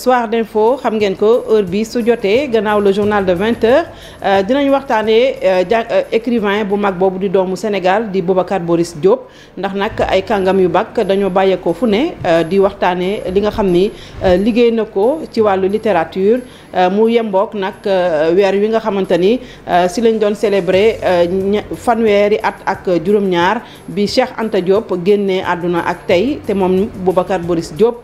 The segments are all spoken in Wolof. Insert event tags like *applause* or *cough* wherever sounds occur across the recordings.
soir d'info xam ngeen ko heure bi su jotee gannaaw le journal de 20 heures euh, dinañ waxtaanee euh, ja euh, écrivain bu mag boobu di doomu Sénégal di Boubacar Boris Diop ndax nag ay kàngam yu bag dañoo bàyyeekoo fu ne di waxtaanee li nga xam ni liggéey na ko ci wàllu littérature mu yembook nag weer wi nga xamante ni si lañ doon célébrer fanweeri at ak juróom-ñaar bi Cheikh Anta Diop génnee àdduna ak tey te moom Boubacar Boris Diop.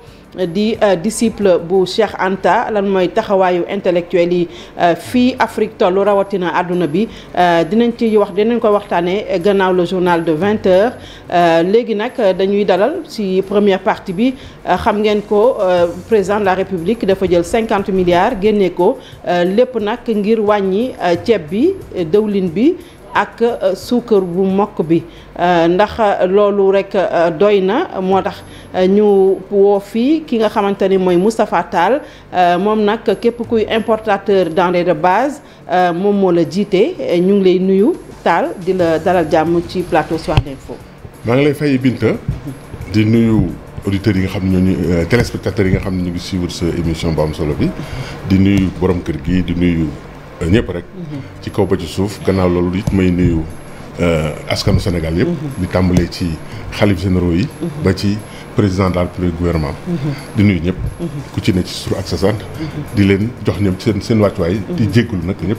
di euh, disciple bu Cheikh Anta lan mooy taxawaayu intellectuel yi euh, fii Afrique tollu rawatina àdduna bi euh, dinañ ci wax dinañ ko waxtaanee gannaaw le journal de 20 heures léegi nag dañuy dalal ci première partie bi xam ngeen ko président de la République dafa jël 50 milliards génne ko lépp nag ngir wàññi ceeb bi dëwlin bi. ak euh, suukar bu mokk bi euh, ndax euh, loolu rek doy na moo tax ñu woo fii ki nga xamante ni mooy Moustapha Tall moom nag képp kuy importateur denrée de base moom moo la jiite ñu ngi lay nuyu Tall di la dalal jàmm ci plateau Soir d'Info. maa ngi lay fay Binta di nuyu auditeurs yi nga xam ne ñooñu téléspectateurs yi nga xam ne ñu ngi suivre sa émission bu solo bi di nuyu borom kër gi di nuyu. Euh, ñëpp rek. Mhm. ci kaw ba ci suuf gannaaw loolu it may nuyu euh, askanu Sénégal yëpp. Mhm. di tàmbalee ci xalif généraux yi. Mhm. ba ci président de la République di nuyu ñëpp. ku ci ne ci suuf ak sa sant. di leen jox ñoom seen seen wàccuwaay. di jégalu nag ñëpp.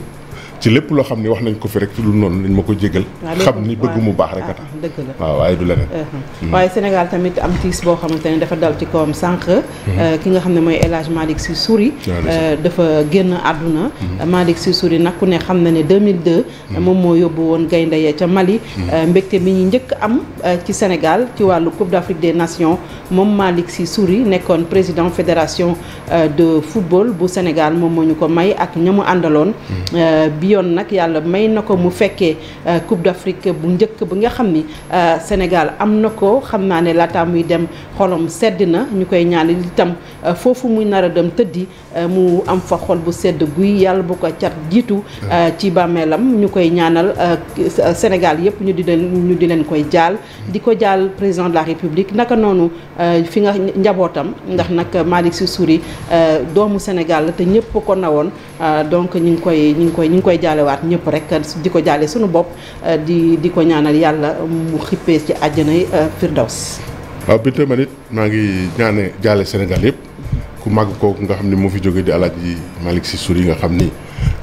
ci lépp loo xam ni wax nañ ko fi rek ci lu noonu nañ ma ko jégal xam ni bëgg mu baax rek a tax ah, dëgg la waaw waaye du leneen uh-huh. mm-hmm. waaye Sénégal tamit am tiis boo xamante ne dafa dal ci kawam sànq mm-hmm. uh, ki nga xam ne mooy El Hadj si uh, Sy dafa génn àdduna mm-hmm. uh, Malick Sy Souris nag ku ne xam na ne 2002 moom moo yóbbu woon gaynde ya ca Mali mbégte bi ñu njëkk am ci Sénégal ci wàllu Coupe d'Afrique des Nations moom Malick Sy Souris nekkoon président fédération de football bu Sénégal moom moo ñu ko may ak ñamu àndaloon yoon nag yàlla may na ko mu fekkee euh, Coupe d'Afrique bu njëkk bi nga xam ni euh, Sénégal am na ko xam naa ne laata muy dem xolom sedd na ñu koy ñaanal itam Euh, foofu muy nar a dem tëddi euh, mu am fa xol bu sedd guy yàlla bu ko cat jiitu euh, ci bàmmeelam ñu koy ñaanal Sénégal yëpp ñu di leen leen koy jaal mm. di ko jaal président de la République naka noonu fi nga njabootam ndax nag Malick Sy Souris doomu Sénégal la te ñëpp ko nawoon donc ñu ngi koy ñu ngi koy ñu ngi koy jaalewaat ñëpp rek di ko jaale suñu bopp di di ko ñaanal yàlla mu xippee ci àjjanay firdaws waaw bi tamit maa ngi ñaane jaale Sénégal yëpp ku màgg kooku nga xam ni moo fi jóge di Alaaji Malick Sy Souris nga xam ni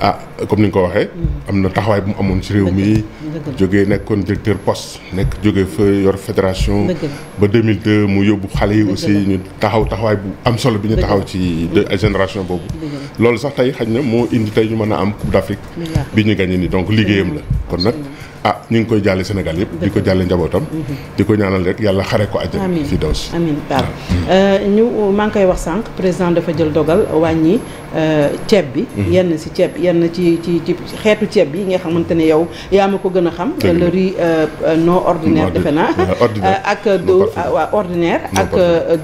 ah comme ni nga ko waxee. Mm-hmm. am na taxawaay bu mu amoon ci réew mi. jógee kon directeur poste nekk jóge fa yor fédération. ba 2002 mu yóbbu xale yi aussi ñu taxaw taxawaay bu am solo bi ñu taxaw ci mm-hmm. de génération boobu. loolu sax tey xaj na moo indi tey ñu mën a am Coupe d'Afrique. bi ñu gagné nii donc liggéeyam la kon nag. ah ñu ngi koy jàlle Sénégal yëpp di ko jàlle njabootam di ko ñaanal rek yàlla xare ko àjjana fii daw si amiin Pape ah, hmm. euh, ñu maa ngi koy wax sànq président dafa jël dogal wàññi euh, ceeb bi hmm. yenn si ceeb yenn ci ci ci xeetu ceeb bi yi nga xamante ni yow yaa ma ko gën a xam le riz euh, non ordinaire defe naa *laughs* ak ah, waaw ordinaire ak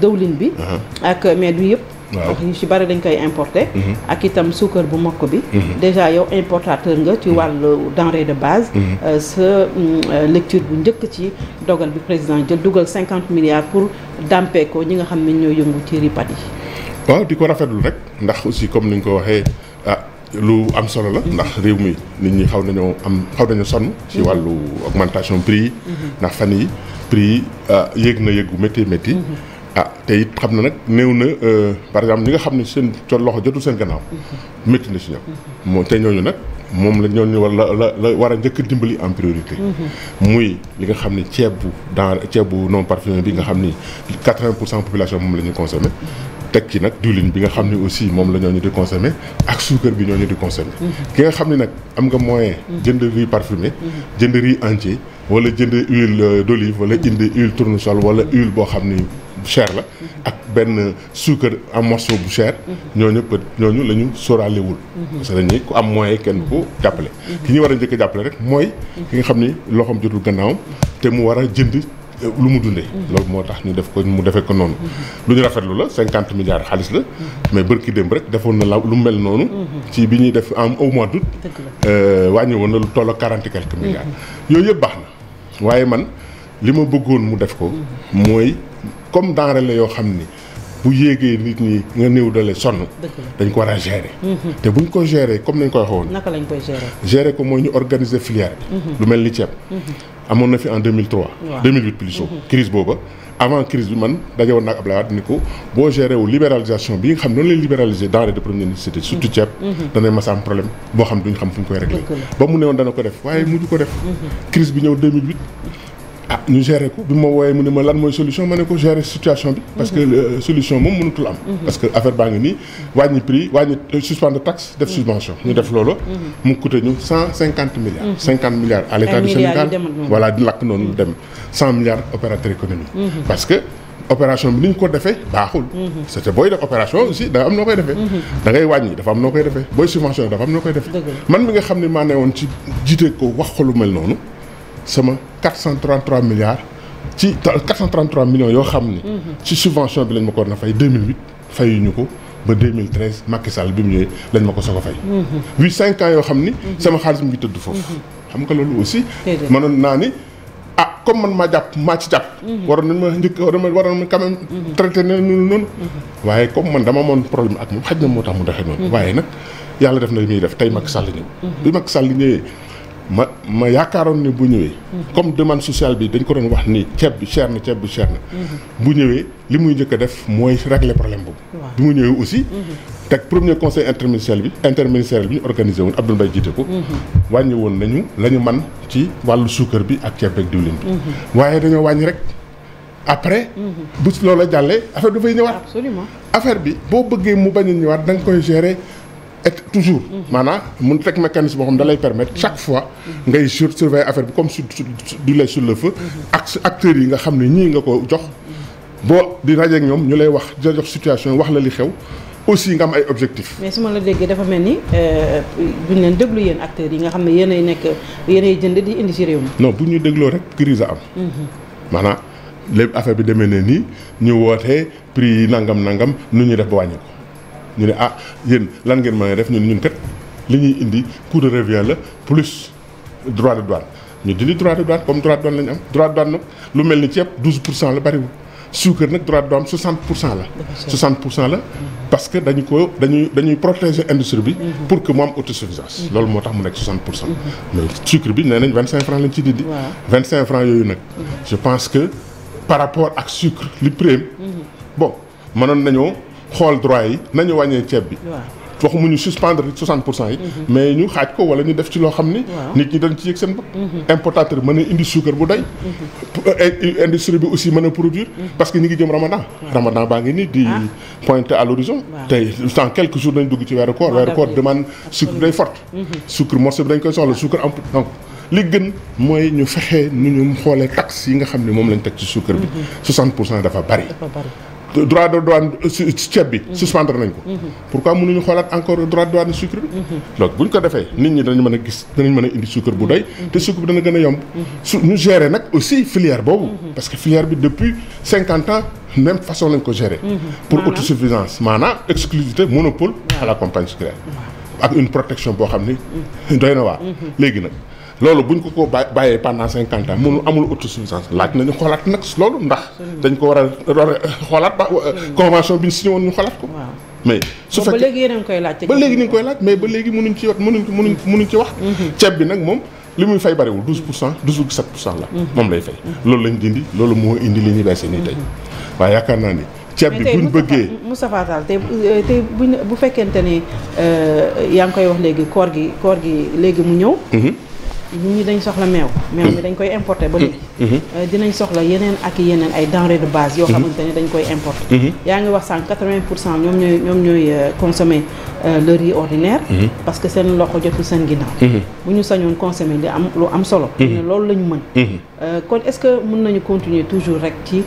dëwlin bi uh-huh. ak mais du yëpp waaw yu ci bari dañ koy importer. Mhm. ak itam suukar bu mokk bi. Mhm. déjà yow importateur nga ci mhm. wàllu denrée de base. Euh, sa euh, lecture bu njëkk ci dogal bi président jël dugal cinquante milliards pour dàmpee ñi nga xam ne ñoo yëngu ci ripat yi. waaw di ko rafet lu rek ndax aussi comme ni ñu ko waxee ah, lu am solo la ndax réew mi nit ñi xaw nañoo am xaw nañu sonn ci wàllu augmentation prix yi ndax fan yi prix yi ah, yéeg na yéegu métti métti ah te it xam na nag néew na euh, par exemple ñi nga xam ne seen col loxo jotul seen gannaaw. métti na si ñoom. moo te ñooñu nag moom la ñooñu war la la la war a njëkk dimbali en priorité. muy li nga xam ni ceeb bu daan ceeb bu non parfumé bi nga xam ni 80 pour cent population moom la ñuy consommé. teg ci nag diwlin bi nga xam ni aussi moom la ñooñu di consommé ak suukar bi ñooñu di consommé. ki nga xam ni nag am nga moyen. jënd riz parfumé. jënd riz entier wala jënd huile euh, d'olive wala indi huile tournesol wala huile boo xam ni. bu cher la ak benn suukar en morceau bu cher ñoo peut ñooñu la ñu sóoraalewul parce que dañuy ku am moyen kenn ku jàppale ki ñu war a njëkk a jàppale rek mooy ki nga xam ni loxoom jotul gannaawam te mu war a jënd euh, lu mu dundee loolu moo tax ñu def ko mu defee ko noonu lu ñu rafetlu la cinquante milliards xaalis la mais bërki démb rek defoon na la lu mel noonu ci bi ñuy def en au mois d'août euh, wàññi woon na lu toll ak quarante quelques milliards yooyu yëpp baax waaye man li ma bëggoon mu def ko mm-hmm. mooy comme denrée la yoo xam ni bu yéegee nit ñi nga néew dale sonn. dañ ko war a gérer. Mhm. te buñ ko gérer comme nañ koy waxoon. naka lañ koy gérer. ko mooy ñu organiser filière bi. Mhm. lu mel ni ceeb. Mhm. amoon na fi en 2003. waaw 2008 plutôt. crise booba avant crise bi man daje woon na ak Abdoulaye Wade ni ko boo gérer wu libéralisation bi nga xam noonu lay libéraliser denrée de première nécessité. surtout ceeb. danañ mas am problème boo xam ne duñ xam fu ñu koy régler. ba mu woon dana ko def waaye mujj ko def. crise bi ñëw 2008. ah ñu gérer ko bi ma wooyee mu ne ma lan mooy solution ma ne ko gérer situation bi. parce que mhm. euh, solution moom mënatul am. Mhm. parce que affaire baa ngi nii wàññi prix wàññi euh, suspendre taxe def mhm. subvention. ñu def loolu. mu coûté ñu cent cinquante milliards. cinquante milliards à l' état du Sénégal voilà di lakk noonu dem cent milliards opérateur parce que opération bi ni ñu ko defee baaxul. c' était booy def opération aussi da am noo koy defee. da ngay wàññi dafa am noo koy defee booy subvention dafa xam ne maa ne woon ci jiite ko noonu. sama 433 milliards ci 433 millions yoo xam ni. ci subvention bi lañ ma ko na fay 2008 fayuñu ko ba 2013 Macky ma ko soog a fay. 8 mhm. 5 yoo xam ni. Mhm. sama xaalis mu ngi tëdd foofu. Mhm. xam nga loolu aussi. mënoon naa ni ah comme man maa jàpp maa ci jàpp. waroon nañ ma njëkk waroon nañ waroon quand même. traité nañ noonu noonu. waaye comme man dama amoon problème ak moom xaj na moo tax mu doxee noonu. waaye nag yàlla def na li muy def tey Macky Sall ñëw. bi Macky Sall ñëwee. ma ma yaakaaroon ni bu ñëwee. Mhm. comme demande sociale bi dañ ko doon wax ni ceeb bi cher na ceeb bi na. Mhm. bu ñëwee li muy njëkk def mooy régler problème boobu. bi mu ñëwee aussi. Mhm. teg premier conseil interministériel bi interministériel bi ñu organisé woon Abdoul Mbaye jiite ko. wàññi woon nañu la ñu man ci wàllu suukar bi ak ceeb beeg diwlin bi. waaye dañoo wàññi rek. après. bu loola jàllee affaire dafay ñëwaat. absolument affaire bi boo bëggee mu bañ a ñëwaat da nga koy gérer. et toujours maanaam mun teg mécanisme boo xam da lay permettre chaque fois ngay sur surveiller affaire bi comme su di lait sur le feu ak acteurs yi nga xam ne ñii nga ko jox boo di rajeek ñoom ñu lay wax di la jox situation wax la li xew aussi nga am ay objectif mais su ma la déggee dafa mel ni duñ euh, leen déglu yéen acteurs yi nga xam ne yéen ay nekk yéen ay jënd di indi ci réew mi. non bu ñu dégloo rek crise a am. Mhm. maanaam lépp affaire bi demee ne nii ñu wootee prix yi nangam nangam nu ñuy def ñu ne ah yéen lan ngeen mën a def ñun ñun kat li ñuy indi coût de revient la plus droit de douane ñu dindi droit de douane comme droit de douane la ñu am droit de douane nag lu mel ni ceeb 12 pour cent la cent la. 60 pour cent la. parce que dañu ko dañuy dañuy protéger industrie bi. Mhm. pour que mu am autosuffisance. Mhm. loolu moo tax mu nekk 60 pour cent. Mhm. sucre bi ne nañ 25 francs lañ ci dindi. waaw 25 francs yooyu nag. je pense que par rapport ak sucre li prime. bon mënoon nañoo. xool droit yi nañu wàññee ceeb bi. waxu mu ñu suspendre 60 pour cent yi. Mhm. mais ñu xaaj ko wala ñu def ci loo xam ni. nit ñi dañ ci yëg seen bopp. Mhm. importateur mën a indi suukar bu doy. Mhm. Eh, industrie bi aussi mën a produire. parce que ñu ngi jëm Ramadan. Ramadan baa ngi nii di ah. pointer à l'horizon tey dans quelques jour dañ dugg ci weeru koor weeru koor demande sucre bi day forte. sucre morceau bi dañ koy soxla sucre am donc. li gën mooy ñu fexe nu ñu xoolee taxes yi nga xam ne moom lañ teg ci suukar bi. pour cent dafa bari. droit de douane euh, ceeb bi. suspendre nañ ko. pourquoi mënuñu xoolaat encore droit de douane sucre bi. donc buñ ko defee nit ñi danañ mën a gis danañ mën a indi sucre bu doy. te sucre bi dana gën a yomb. su ñu gérer nag aussi filière boobu. parce que filière bi depuis cinquante ans. même façon lañ ko gérer. pour maanaam autosuffisance maanaam exclusivité monopole. à la compagnie sucrière. ak une protection boo xam ni. doy na waar léegi nag. loolu bu buñ ko ko bàyyee pendant cinquante ans mënu amul autosuffisance laaj nañu xoolaat nag loolu ndax. dañ ko war a xoolaat ba euh, convention bi ñu signé woon ñu xoolaat ko. mais su fekkee ba léegi yéen a ngi koy laaj. ba léegi ñu koy laaj mais ba léegi mënuñ ci wax mënuñ mënuñ mënuñ ci wax. Mm-hmm. ceeb bi nag moom. li muy fay bariwul douze pour cent douze virgule sept pour cent la. Mm-hmm. moom lay fay mm-hmm. loolu lañ dindi loolu moo indi li ñu baissé nii tey waaye yaakaar naa ni. ceeb bi buñ bëggee Moustapha Tall tey euh, tey buñ bu fekkente ni euh, yaa ngi koy wax léegi koor gi koor gi léegi mu ñëw. nit ñi dañ soxla meew. meew mi mm-hmm. dañ koy importer ba léegi. Mm-hmm. Euh, dinañ soxla yeneen ak yeneen ay denrées de base. yoo mm-hmm. xamante ne dañ koy importe yaa ngi wax sànq 80 pour cent ñoom ñooy ñoom ñooy euh, consommer euh, le riz ordinaire. parce que seen loxo jotul seen ginnaaw. bu ñu sañoon consommer di am lu am solo. loolu la ñu mën. kon est-ce que mun nañu continuer toujours rek ci.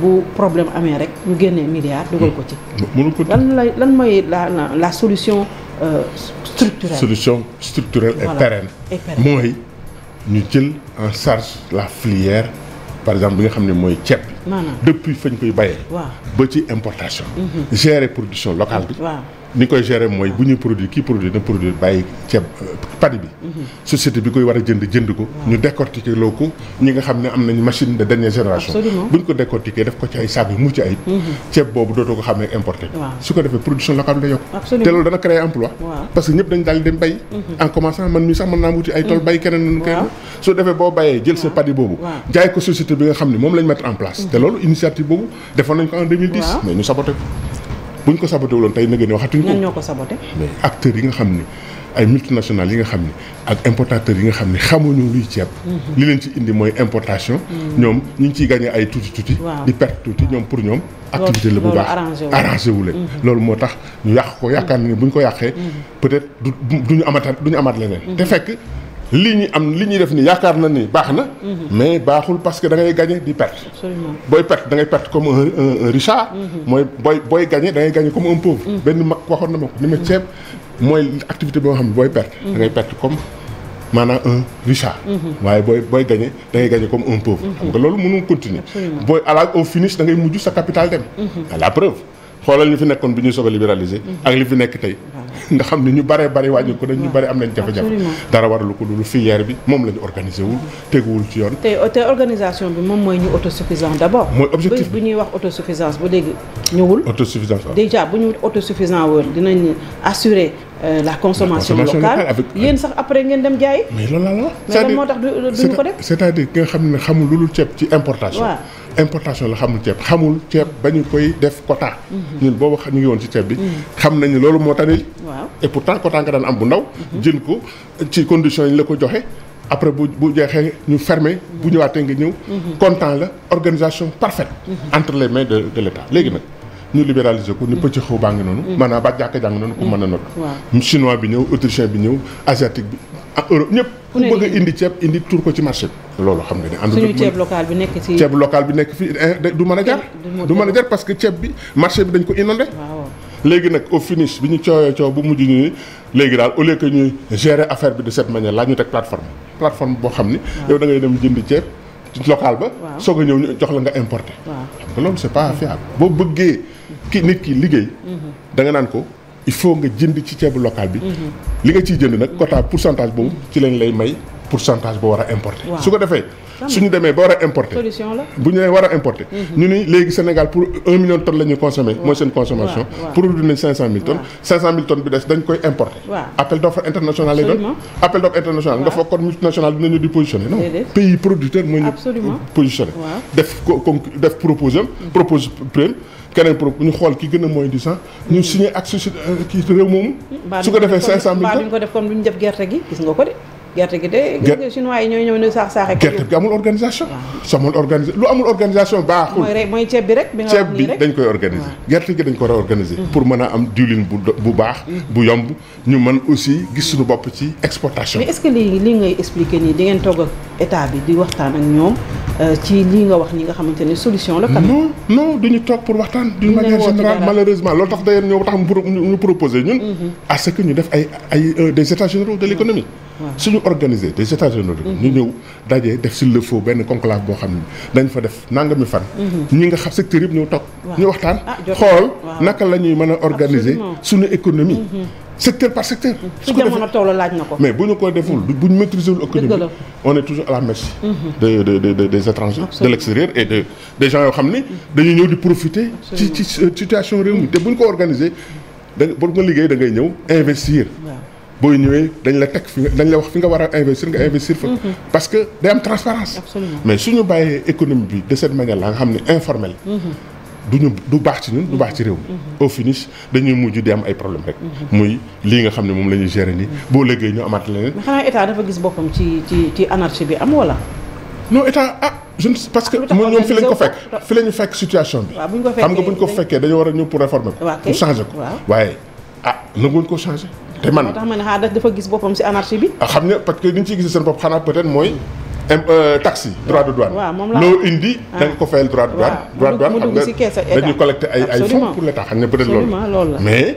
bu problème amee rek ñu génnee milliard dugal ko ci. lan lay lan mooy la la solution. Euh, structurelle solution structurelle et voilà. mooy ñu jël en charge la filière par exemple bi nga xam ne mooy ceeb. depuis fañ koy bayee ba ci importation mhm. gérer production locale bi ni koy gérer mooy bu ñu produit kii produit na produit bàyyi ceeb euh, padi bi mhm. société bi koy war a ko ñu décortiquer loo ko nga xam ne am nañu machine de dernière génération bu ko ci ay saab yu mucc ayib mhm. ceeb boobu dootoo ko xam ne importé su ko defee production locale bi da keneen keneen su defee boo boobu jaay ko société bi nga xam ne moom lañ mettre en place te loolu initiative boobu defoon nañ ko en 2010. waaw mais ñu saboté bu ñu ko saboté wuloon tey nag waxatuñ ko. ñan ko saboté. mais yi nga xam ni ay multinationales yi nga xam ni ak importateurs yi nga xam ni xamuñu luy ceeb. Mhm. li leen ci indi mooy importation. Mhm. ñoom ñu ngi ciy gagné ay tuuti tuuti. di perte tuuti ñoom pour ñoom. activité la bu baax arrangé wu leen mhm. loolu moo tax ñu yàq ko yaakaar ni bu ñu ko yàqee. peut-être du du ñu amaat du ñu amat leneen. te fekk. lii ñu am li ñuy def nii yaakaar na ni baax na. Mhm. mais baaxul parce que da ngay gagné di perte. booy perte da ngay perte comme un un richard. Mhm. mooy booy booy gagné da ngay gagné comme un pauvre. Mhm. benn mag waxoon na ko ni ceeb mooy activité boo xam ne booy perte. da ngay perte comme maanaam un richard. waaye booy booy gagné da ngay gagné comme un pauvre. nga loolu mënul continuer. booy à la au finish da mujj sa capital dem. la preuve xoolal ñu fi nekkoon bi ñuy soog a ak li fi nekk tey. nga xam ne ñu baree bari wàññi ko dañ ñu bari am nañ jafe-jafe dara waralu ko loolu filière bi moom la ñu organisé wul teguwul ci yoon te organisation bi moom mooy ñu autosuffisant d'abord mooy objectif bu ñuy wax autosuffisance ba léegi ñëwul autosuffisance déjà bu ñu autosuffisant woon dinañ assurer Euh, la consommation locale avec yéen sax après ngeen dem jaay. mais loolu la la cest à moo tax duñu ko def c'est-à-dire ki xam ne xamul lu dul ceeb ci importation. importation la xamul ceeb xamul ceeb ba ñu koy def quota. ñun boobu ñu ngi woon ci ceeb bi. xam nañu loolu moo tane. waaw et pourtant quota nga daan am bu ndaw. jën ko ci condition yi ñu la ko joxe. après bu bu jeexee ñu ferme bu ñëwaatee nga ñëw. kontaan la organisation parfaite. entre les de de l'État léegi nag. ñu libéraliser ko ni pëcc xaw baa ngi noonu. maanaa ba jàkka jàng noonu ku mën a noot. chinois bi ñëw autrichien bi ñëw asiatique bi. ak Europe ñëpp ku bëgg a indi ceeb indi tur ko ci marché bi loolu xam nga ne ànd suñu ceeb local bi nekk ci ceeb local bi nekk fii eh, du mën a jar du mën a jar parce que ceeb bi marché bi dañ ko inondé léegi nag au finish bi ñu coowee coow bu mujj ñu léegi daal au lieu que ñuy gérer affaire bi de cette manière laa ñu teg plateforme plateforme boo xam ni yow da ngay dem jëndi ceeb ci local ba soog a ñëw ñu jox la nga importé xam nga loolu c'est pas fiable boo bëggee ki nit ki liggéey mhm. da nga ko il faut nga jënd ci ceebu local bi. Mhm. li nga ciy jënd nag pour pourcentage boobu ci lañ lay may pourcentage boo war a importer. su ko defee suñu demee ba war a importer. bu nee war a importer. Mhm. ñu ni léegi Sénégal pour un million de tonnes la mooy seen consommation. produit nañ cinq cent mille tonnes. cinq cent mille tonnes bi des dañ koy importer. appel d'offre international lay doon. appel d'offre international nga foog kon multinational dinañu di ñu. positionner def keneen pour ñu xool ki gën a mooy di sax ñu signé ak société euh, kii réew moomu. su ko defee 500000 ba ñu ko def comme lu ñu def gerte gi gis nga ko de. gerte gi de. gerte gi chinois ñëw ne saax saax gerte gi amul organisation. samul organiser lu amul organisation baaxul. mooy rek mooy ceeb bi rek. bi nga ceeb bi dañ koy organiser. gerte gi dañ ko réorganiser. Mm-hmm. pour mën a am diwlin bu bu baax. Mm-hmm. bu yomb ñu mën aussi gis suñu bopp ci exportation. mais est-ce que lii lii ngay expliquer nii di ngeen togg ak état bi di waxtaan ak ñoom euh, ci lii nga wax ñi nga xamante ne solution la. non non duñu toog pour waxtaan. d'une manière générale malheureusement loolu tax d'ailleurs ñoo tax mu ñu proposé ñun. Mm-hmm. à ce que ñu def ay ay euh, des états généraux suñu organiser des états généraux mm-hmm. ñu ñëw dajee def s'il le faut benn conclave boo xam ne dañ fa def nangami fan mm-hmm. ñi nga xam secteur yëpp ñëw toog ñu waxtaan ah, xool naka la ñuy mën a organiser suñu économie mm-hmm. secteur par secteur su ko defee toll ko mais bu ñu ko deful bu ñu maîtriser wul économie on la merci de de de des étrangers yoo xam ne dañuy ñëw di profiter ci ci situation réew mi te bu ñu ko organiser da nga nga liggéey da ngay ñëw investir booy ñëwee dañ la teg fi nga dañ la wax fi nga war a investir nga investir fa. Mhm. parce que day am transparence Absolument. mais suñu bàyyee économie bi de cette manière nga xam ne informel mhm. du ñu du baax ci ñun du baax ci réew mi. Mhm. au finish dañuy mujj di am ay problème rek. muy lii nga xam ne moom la ñuy gérer nii. boo léegi ñu amaat leneen. mais xanaa état dafa gis boppam ci ci ci anarchie bi am wala. non état ah je ne parce que ah, ñoom fi lañ ko fekk fi la ñu fekk situation bi. xam nga bu ñu ko fekkee dañoo war a ñëw pour réformer ko. pour ko waaye ah nanguwuñ ko changer. te man a tax ma ne xanaa dafa gis boppam si anarchie bi. Ah, xam nga parce que ni ñu ciy gis seen bopp xanaa peut-être mooy. Euh, taxe droit de douane. waaw moom laa loolu indi. Ah. da nga ko ne mais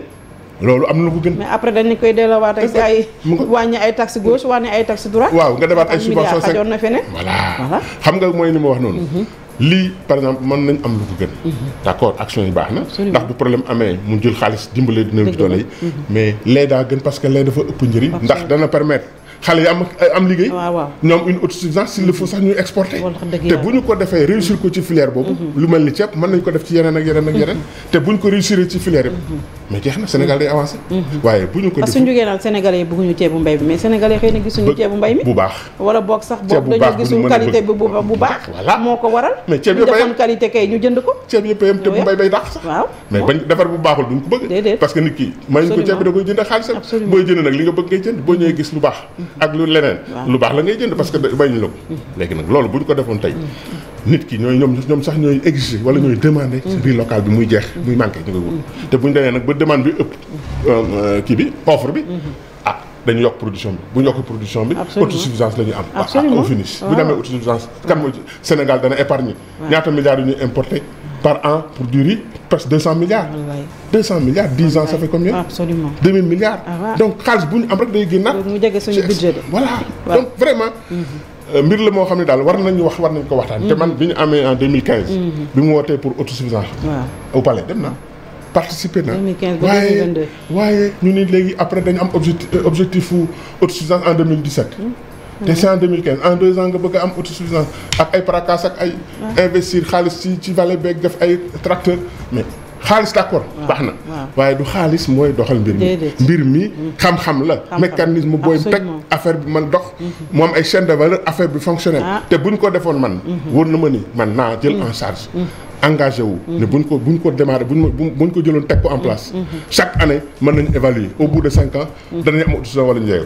loolu am na lu gën. mais après dañu koy delloowaat ak si ay. wàññi ay taxe gauche wàññi ay taxe droite. waaw nga defaat ay subventions. ak milliards xam nga mooy li ma wax noonu. Mhm. lii par exemple mën nañ am lu ko gën. Mhm. d' action yi baax na. ndax bu problème amee mu jul xaalis dimbale dina leen doole yi. Mhm. mais lee daa gën parce que lee dafa ëpp njëriñ. ndax dana permettre xale yi am am liggéey. ñoom une autosuffisance s'il le faut sax ñuy exporter. te bu ñu ko defee réussir ko ci filière boobu. Mhm. lu mel ni ceeb mën nañ ko def ci yeneen ak yeneen ak yeneen. te bu ñu ko réussir ci filière yi. mais jeex na Sénégal day avancé. Mhm. waaye bu ñu ko parce que ñu jógee naan sénégalais yi bëgguñu ceebu mbay bi mais sénégalais xëy na gisuñu ceebu mbay mi bu baax wala boog sax boog dañoo gisul qualité bi bu baax mais bañ defar bu baaxul duñ ko bëgg parce nit ki may ñu ko ceeb bi da koy jënd xaalisam booy jënd nag li nga bëgg ngay jënd boo ñëwee gis lu baax mhm. ak lu leneen lu baax la ngay jënd parce que mhm. la ko léegi nag loolu bu ñu ko defoon tey nit ki ñooy ñoom ñoom sax ñooy exiger wala ñooy demande ci mm. biir local bi muy jeex mm. muy manqué ñu koy wut. te bu ñu demee nag ba demande bi ëpp mm. euh, euh, kii bi offre bi. Mm-hmm. ah dañu yokk production bi bu ñu yokk production bi. autosuffisance la ñu am. Ah, ah, absolument waaw au finish bu autosuffisance. kan mooy Sénégal dana épargne. ñaata milliards yu ñuy importé par an pour du riz presque deux cent milliards. deux cent milliards dix ans ça fait combien. absolument deux milliards. Ah, donc xaalis bu ñu am rek day génnaat. vraiment. Mm-hmm. Euh, mbir la moo xam ne daal war nañu wax war nañ ko waxtaan. te mm-hmm. man bi ñu amee en 2015. Mm-hmm. bi mu wootee pour autosuffisance. waaw au palais dem na. participer na waaye waaye ñu ni léegi après dañu am euh, objectif objectif autosuffisance en 2017. Mm-hmm. te c'est en 2015 en deux ans nga bëgg a am autosuffisance ak ay paracas ak ay. investir xaalis ci ci vallée beeg def ay tracteur mais. xaalis d'accord baax na waaye du xaalis mooy doxal mbir mi mbir mi mm. xam-xam la mécanisme booy teg affaire bi man dox mm-hmm. mu am ay chaîne de valeur affaire bi fonctionnel ah. te buñ ko defoon man mm-hmm. wóor na ma ni man naa jël en mm-hmm. charge engagé wu ne buñ ko buñ ko démarré buñ buñ ko jëloon teg ko en place chaque année mën nañu évaluer au bout de cinq ans danañu am autosuffisance wala njeew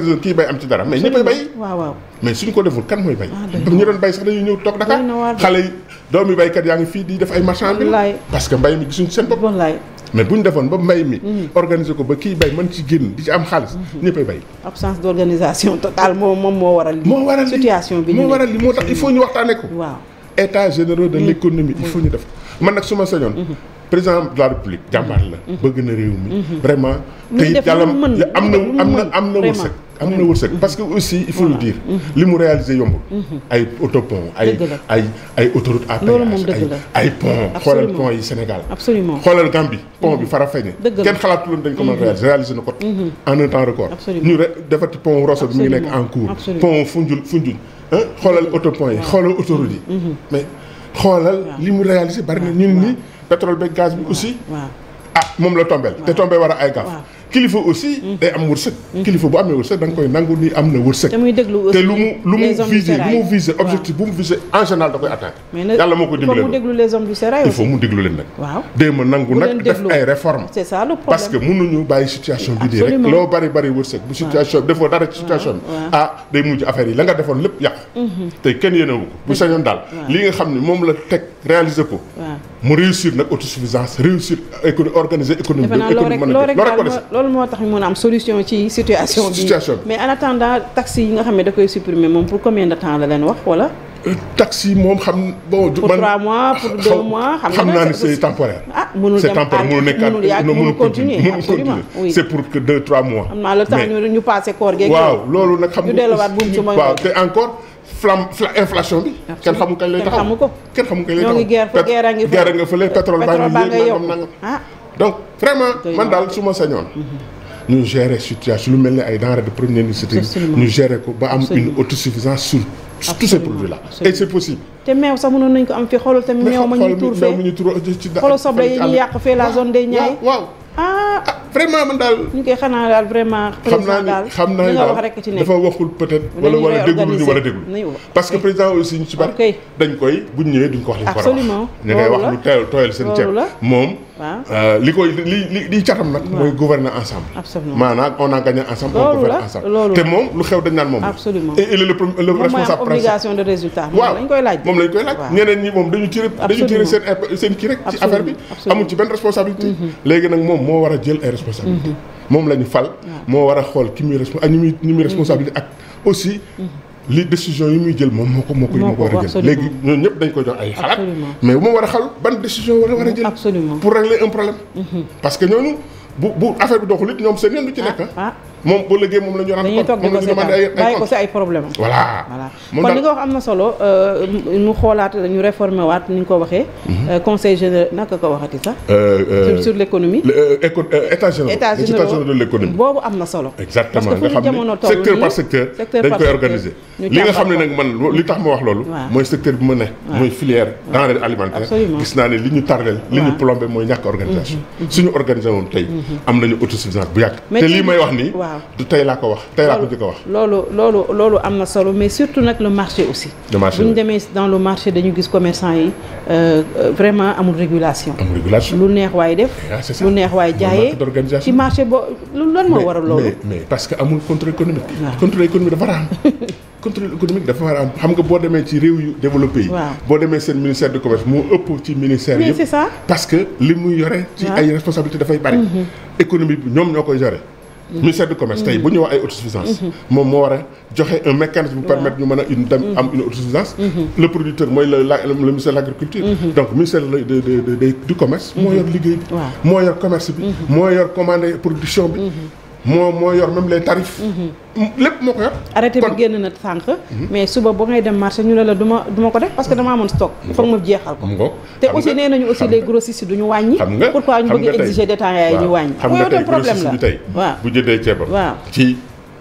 organiser kii bay am ci dara mais ñëppay bay waaw waaw mais ko deful kan mooy bay ah, ñu doon bay sax dañuy ñëw toog Dakar xale yi doomi baykat yaa ngi fii di def ay marchand bi parce que mbay mi gisuñ seen bopp mais bu ñu defoon ba mbay mi mm-hmm. organiser ko ba kii bay mën ci génn di ci am xaalis mm-hmm. ñëppay bay absence d' moom moom moo waral li moo waral yi bi moo waral li moo tax il faut ñu waxtaanee ko waaw état de mm-hmm. l' économie il faut ñu def man nag su ma sañoon président de la république jàmbaar la bëgg na am na am am na wërsëg am na wërsëg parce que aussi il faut le dire li mu réaliser yombul mhm. ay autopont ay ay ay autoroute à péage ay ay pont xoolal pont yi Sénégal absolument xoolal Gambie pont bi mhm. Farafeñe kenn xalaatu loon dañ ko mën mhm. réaliser réaliser na ko en un temps record ñu defati pont Rosso bi mu ngi nekk en cours pont Foundiougne Foundiougne xoolal autopont yi xoolal autoroute yi mais xoolal li mu réaliser bari na ñun ni pétrole beeg gaz bi aussi ah moom la tombeel te tombee war a ay gaaf kilifa aussi. Mm. day am wërsëg. Mm. kilifa bu amee wërsëg da nga koy nangu ni am na wërsëg. te lu mu lu mu visé lu mu visé objectif bu mu visé en général da koy atteindre. yàlla moo ko dimbalee nag ay réformes. c'est ça le problème parce que bàyyi situation bi rek. loo bari bari wërsëg bu situation defoo dara ci situation bi. ah day yi la nga defoon lépp yàqu. Mhm. te kenn yéenewu ko bu sañoon daal. li nga xam ne moom la teg réalisé ko. mu réussir nag autosuffisance réussir éco organiser économie. loolu moo tax ñu mën a am solution ci situation bi mais en attendant taxes yi nga xam ne da koy supprimer moom pour combien de la leen wax wala. Euh, taxes moom xam bon. pour 3 mois pour 2 ah, mois. xam naa ne c'est temporaire. ah mënul dem à mënul continuer mënul continuer c'est pour que 2 3 mois. xam naa le temps ñu passé koor geeg. waaw loolu nag xam nga ñu delluwaat flamme inflation bi. kenn xamul kañ lay taxaw kenn xamul kañ lay taxaw ñoo ngi guerre nga fële nga fële pétrole baa ngi yéeg nangam ah. donc vraiment man daal su ma sañoon. ñu gérer situation lu mel ni ay denrées de première nécessité. ñu gérer ko ba am une autosuffisance sur tous ces produits et c' possible. te meew sax mënoon nañ ko am fii xoolal tamit meew ma ñuy tuur fee xoolal soble yi ñu yàq fee la zone des Niayes Ah. ah vraiment man daal. ñu koy xanaa daal vraiment. président daal xam naa ni xam naa ni daal dafa waxul peut-être. wala wala déglu ñu war a déglu. parce que président aussi ñu ci bari. dañ koy bu ñu duñ ko wax li ñu a wax. ñu koy wax lu tooyal seen ceeb moom. Euh, li koy li li li catam nag. mooy gouverner ensemble. absolument maanaam on a gagné ensemble. on gouverne te moom lu xew dañ naan moom. moom lañ koy laaj ñeneen ñi moom dañu tiré. dañu tiré seen seen kii rek. ci amul ci benn responsabilité. Mm-hmm. léegi nag moom moo war a jël ay responsabilité mm-hmm. moom la ñu fal. moo war a xool ki muy muy mm-hmm. responsabilité ak aussi. li décision yi muy jël moom moo ko moo ko moo ko war a jël léegi ñoo ñëpp dañ koy jox ay xalaat mais bu ma war a xal ban décision war a war a jël absolument pour régler un problème mm-hmm. parce ñooñu bu bu affaire bi doxul ñoom seen yoon du ci ah, nekk ah. Ah. moom bu lëggee moom la ñu. dañuy toog di ko am. na solo euh, ñu xoolaat ñu réformer waat ni ñu ko waxee. Mhm. Euh, conseil général naka ko waxati sax. Euh, sur sur l' économie. éco états généraux les états généraux de l' économie. boobu am na solo. exactement nga xam ne secteur par secteur. secteur par secteur li nga xam ne nag man li tax ma wax loolu. mooy secteur bi ma ne. mooy filière denrée alimentaire. gis naa ne li ñu tardel li ñu plombé mooy ñàkk organisation. Mhm. suñu organisé woon tey mhm. am nañu autosuffisance bu yàgg te lii may wax nii du tey laa ko wax tey laa ko jëkk a wax. loolu loolu loolu am na solo mais surtout nag le marché aussi. le marché bu ñu demee dans le marché dañu gis commerçant yi euh, euh, vraiment amul régulation. amul lu neex waaye def. Ah, lu neex waaye jaayee ci marché bo lan moo waral loolu. mais mais parce que amul contrôle économique. dafa war a am. contrôle économique dafa war *laughs* xam nga boo demee ci réew yu développé yi. boo demee seen ministère du commerce moo ëpp ci ministère yëpp. parce que li muy yore. ci ay responsabilités dafay bari. Mm-hmm. économie bi ñoom ñoo koy yore. ministère du commerce tey bu ñu wax ay autosuffisance moom moo war a joxe un mécanisme bu permettre ñu mën a une dem am une autosuffisance le producteur mooy le le ministère de l'agriculture donc ministère de de du commerce moo yor liggéey bi moo yor commerce bi mm-hmm. moo yor commandé production bi mm-hmm. moo moo yor même les tarifs. Mm-hmm. Mm, lépp moo ko yor. arrêté bi génn na sànq. Mm-hmm. mais suba ba ngay dem marché ñu ne la du ma du ma ko def parce que dama amoon stock. Mm-hmm. foog ma jeexal ko. te aussi nee nañu aussi les grossistes duñu wàññi. xam nga pourquoi ñu bëgg exiger détaillants ñu wàññi. xam nga tey grossiste bi bu jëndee ceebam. waaw ci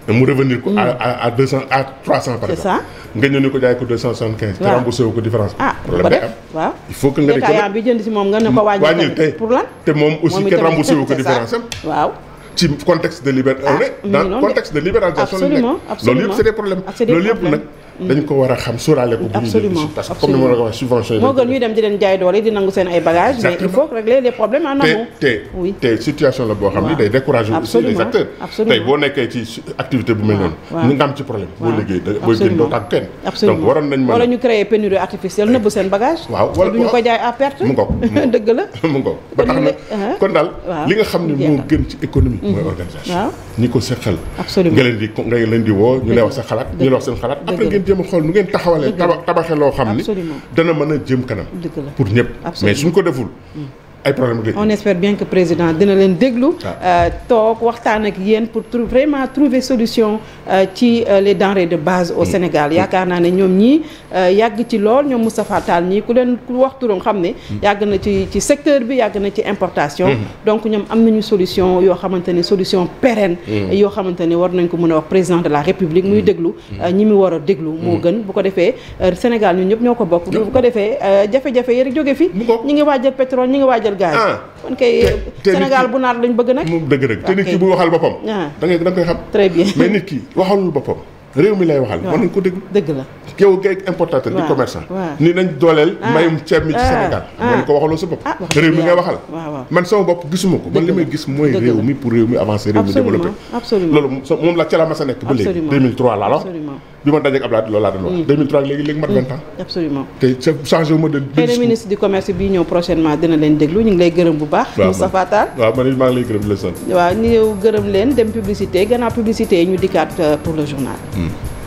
mu revenir ko. à mm. à deux cent à trois cent par exemple. c'est ça nga ñëw ni ko jaay ko deux cent soixante quinze. te remboursé ko différence ah, *laughs* ci contexte de libér ah, on est dans contexte de libéralisation lañ nekk loolu yëpp c'est des problèmes ah, loolu yëpp nag dañ ko war a xam sóoraale ko. absolument parce que comme ni ma la moo gën ñuy dem di leen jaay doole di nangu seen ay bagages. mais il faut régler les problèmes en amont. oui te te situation la boo xam ni day décourager aussi les acteurs. tey boo nekkee ci activité bu mel noonu. ñu nga am ci problème boo liggéey da booy gën doo tàgg kenn. donc waroon nañ mën wala ñu créer pénurie artificielle nëbb seen bagage. waaw wala duñu ko jaay à perte. mu ngoog *laughs* dëgg la *laughs* mu ngoog ba tax na uh-huh. kon daal li nga ne moo gën ci économie mm-hmm. mooy jéem a xool nu ngeen taxawalee tabaxe loo xam ni dana mën a jëm kanam pour ñëpp mais suñ ko deful mm. ay problème géej on espère bien que président dina leen déglu. Ah. Euh, toog waxtaan ak yéen pour vraiment trouver solution euh, ci euh, les denrées de base au mm. Sénégal yaakaar naa ne ñoom ñii yàgg ci lool ñoom Moustapha Tall ñii ku leen ku wax turam xam ne. Mm. yàgg na ci ci secteur bi yàgg na ci importation. Mm. donc ñoom am nañu solution yoo xamante ne solution pérenne. yoo xamante ne war nañ ko mën a wax président de la République muy déglu. ñi mu war a déglu moo gën bu ko defee Sénégal ñu ñëpp ñoo ko bokk. ko defee jafe-jafe yi rek fi. waajal gars yi. Ah. kon kay Sénégal bu naat lañ bëgg nag. dëgg dëgg te nit ki bu waxal boppam. Ah. da ngay da nga koy xam. *laughs* mais nit ki waxalul boppam. réew mi lay waxal. waaw mën ko déglu dëgg la. yow ngay importateur di commerçant. ni nañ dooleel. Ah. mayum ceeb mi ci Sénégal. mën ko waxaloo sa bopp. man sama bopp gisuma ko. man li may gis mooy réew mi pour réew mi avancer. réew mi développé. loolu moom la ca la ma sa nekk ba léegi 2003 laa la bi ma dajeeg Ablaye loolu laa doon wax. 2003 mm. léegi léegi mat 20 mm. ans. absolument te ca changé wu ma de. xëy na ministre du commerce bii ñëw prochainement dina leen déglu ñu ngi lay gërëm bu baax. Moustapha Tall waaw man maa ngi lay gërëm di la sant. waaw ñu gërëm leen dem publicité gannaaw publicité ñu dikkaat euh, pour le journal. Mm.